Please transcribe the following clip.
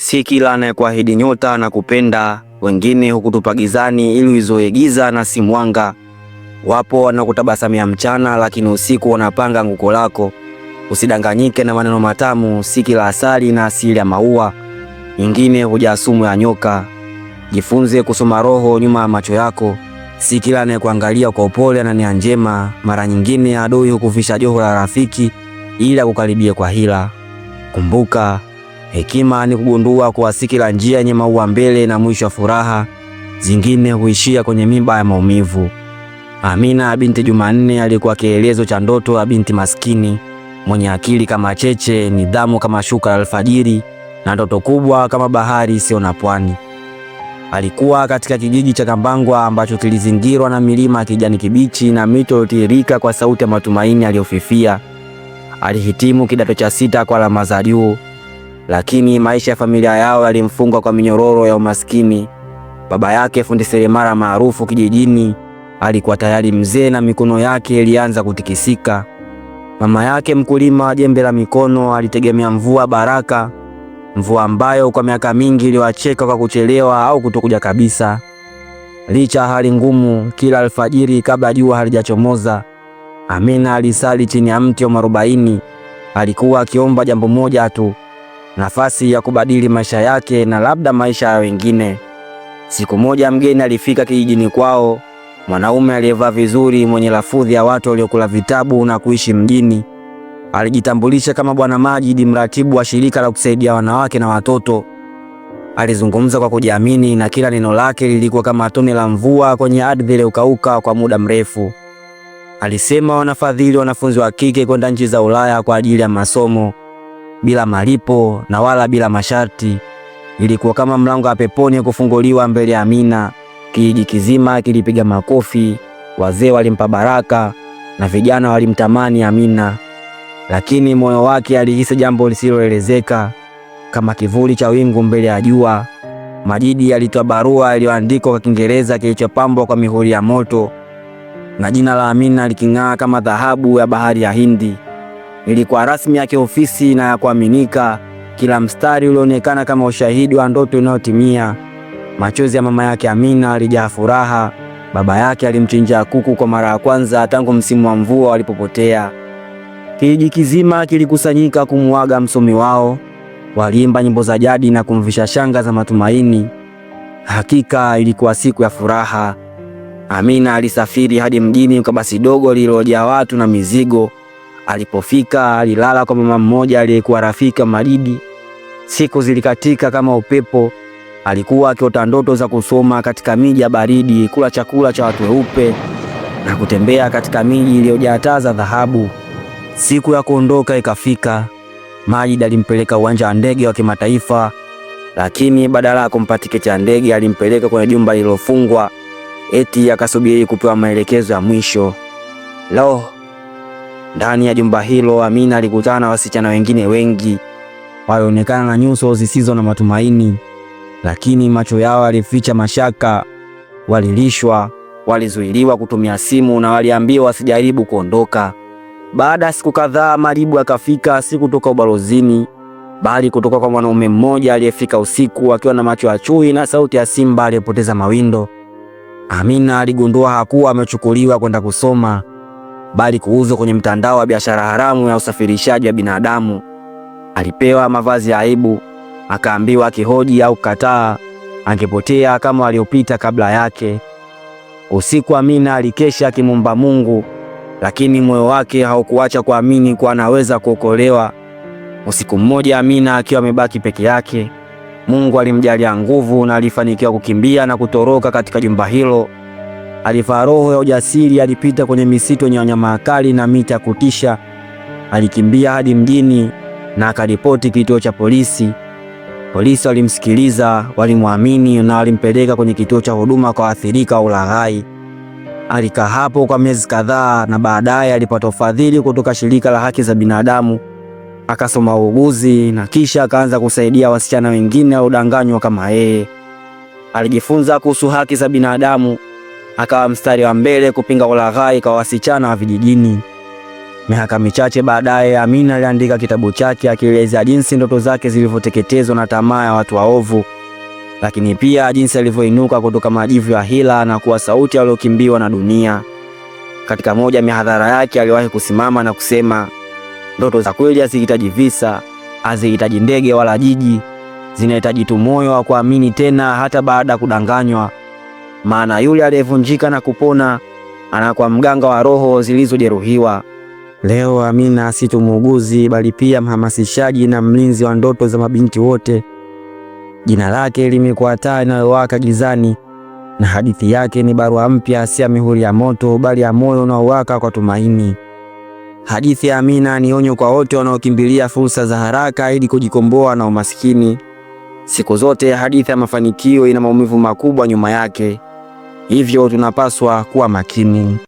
Si kila anayekuahidi nyota na kupenda wengine hukutupa gizani ili uizoe giza na si mwanga. Wapo wanaokutabasamia mchana, lakini usiku wanapanga nguko lako. Usidanganyike na maneno matamu, si kila asali na asili ya maua, nyingine huja sumu ya nyoka. Jifunze kusoma roho nyuma ya macho yako. Si kila anayekuangalia kwa upole ana nia njema. Mara nyingine adui hukuvisha joho la rafiki ili akukaribie kwa hila. Kumbuka, Hekima ni kugundua kuwa si kila njia yenye maua mbele na mwisho wa furaha, zingine huishia kwenye miba ya maumivu. Amina binti Jumanne alikuwa kielezo cha ndoto ya binti maskini mwenye akili kama cheche, nidhamu kama shuka la alfajiri, na ndoto kubwa kama bahari isiyo na pwani. Alikuwa katika kijiji cha Kambangwa ambacho kilizingirwa na milima ya kijani kibichi na mito iliyotiririka kwa sauti ya matumaini aliyofifia. Alihitimu kidato cha sita kwa alama za juu, lakini maisha ya familia yao yalimfunga kwa minyororo ya umaskini. Baba yake fundi seremala maarufu kijijini alikuwa tayari mzee na mikono yake ilianza kutikisika. Mama yake mkulima wa jembe la mikono alitegemea mvua baraka, mvua ambayo kwa miaka mingi iliwacheka kwa kuchelewa au kutokuja kabisa. Licha hali ngumu, kila alfajiri kabla jua halijachomoza, Amina alisali chini ya mti wa mwarobaini. Alikuwa akiomba jambo moja tu nafasi ya kubadili maisha yake na labda maisha ya wengine. Siku moja mgeni alifika kijijini kwao, mwanaume aliyevaa vizuri, mwenye lafudhi ya watu waliokula vitabu na kuishi mjini. Alijitambulisha kama Bwana Majid, mratibu wa shirika la kusaidia wanawake na watoto. Alizungumza kwa kujiamini na kila neno lake lilikuwa kama tone la mvua kwenye ardhi iliyokauka kwa muda mrefu. Alisema wanafadhili wanafunzi wa kike kwenda nchi za Ulaya kwa ajili ya masomo bila malipo na wala bila masharti. Ilikuwa kama mlango wa peponi kufunguliwa mbele ya Amina. Kijiji kizima kilipiga makofi, wazee walimpa baraka na vijana walimtamani Amina, lakini moyo wake alihisi jambo lisiloelezeka, kama kivuli cha wingu mbele ya jua. Majidi alitoa barua iliyoandikwa kwa Kiingereza kilichopambwa kwa mihuri ya moto na jina la Amina liking'aa kama dhahabu ya bahari ya Hindi ilikuwa rasmi ya kiofisi na ya kuaminika. Kila mstari ulionekana kama ushahidi wa ndoto inayotimia. Machozi ya mama yake Amina alijaa furaha. Baba yake alimchinja kuku kwa mara ya kwanza tangu msimu wa mvua walipopotea. Kijiji kizima kilikusanyika kumuaga msomi wao. Waliimba nyimbo za jadi na kumvisha shanga za matumaini. Hakika ilikuwa siku ya furaha. Amina alisafiri hadi mjini kwa basi dogo lililojaa watu na mizigo. Alipofika alilala kwa mama mmoja aliyekuwa rafiki wa Maridi. Siku zilikatika kama upepo. Alikuwa akiota ndoto za kusoma katika miji ya baridi, kula chakula cha watu weupe na kutembea katika miji iliyojaa taa za dhahabu. Siku ya kuondoka ikafika. Majid alimpeleka uwanja wa ndege wa kimataifa, lakini badala ya kumpa tiketi ya ndege alimpeleka kwenye jumba lililofungwa, eti akasubiri kupewa maelekezo ya mwisho. Lo, ndani ya jumba hilo Amina alikutana na wasichana wengine wengi walionekana na nyuso zisizo na matumaini, lakini macho yao yalificha mashaka. Walilishwa, walizuiliwa kutumia simu na waliambiwa wasijaribu kuondoka. Baada ya siku kadhaa, majibu akafika, si kutoka ubalozini, bali kutoka kwa mwanaume mmoja aliyefika usiku akiwa na macho ya chui na sauti ya simba aliyepoteza mawindo. Amina aligundua hakuwa amechukuliwa kwenda kusoma bali kuuzwa kwenye mtandao wa biashara haramu ya usafirishaji wa binadamu. Alipewa mavazi ya aibu, akaambiwa akihoji au kukataa angepotea kama waliopita kabla yake. Usiku Amina alikesha akimwomba Mungu, lakini moyo wake haukuacha kuamini kuwa anaweza kuokolewa. Usiku mmoja, Amina akiwa amebaki peke yake, Mungu alimjalia nguvu na alifanikiwa kukimbia na kutoroka katika jumba hilo. Alivaa roho ya ujasiri, alipita kwenye misitu yenye wanyama wakali na miti ya kutisha. Alikimbia hadi mjini na akaripoti kituo cha polisi. Polisi walimsikiliza, walimwamini na walimpeleka kwenye kituo cha huduma kwa waathirika wa ulaghai. Alikaa hapo kwa miezi kadhaa na baadaye alipata ufadhili kutoka shirika la haki za binadamu. Akasoma uuguzi na kisha akaanza kusaidia wasichana wengine waliodanganywa kama yeye. Alijifunza kuhusu haki za binadamu akawa mstari wa mbele kupinga ulaghai kwa wasichana wa vijijini. Miaka michache baadaye, Amina aliandika kitabu chake akielezea jinsi ndoto zake zilivyoteketezwa na tamaa ya watu waovu, lakini pia jinsi alivyoinuka kutoka majivu ya hila na kuwa sauti aliyokimbiwa na dunia. Katika moja mihadhara yake aliwahi kusimama na kusema, ndoto za kweli hazihitaji visa, hazihitaji ndege wala jiji, zinahitaji tu moyo wa kuamini tena hata baada ya kudanganywa maana yule aliyevunjika na kupona anakuwa mganga wa roho zilizojeruhiwa. Leo Amina si tu muuguzi, bali pia mhamasishaji na mlinzi wa ndoto za mabinti wote. Jina lake limekuwa taa inayowaka gizani, na hadithi yake ni barua mpya, si ya mihuri ya moto, bali ya moyo unaowaka kwa tumaini. Hadithi ya Amina ni onyo kwa wote wanaokimbilia fursa za haraka ili kujikomboa na umasikini. Siku zote hadithi ya mafanikio ina maumivu makubwa nyuma yake. Hivyo tunapaswa kuwa makini.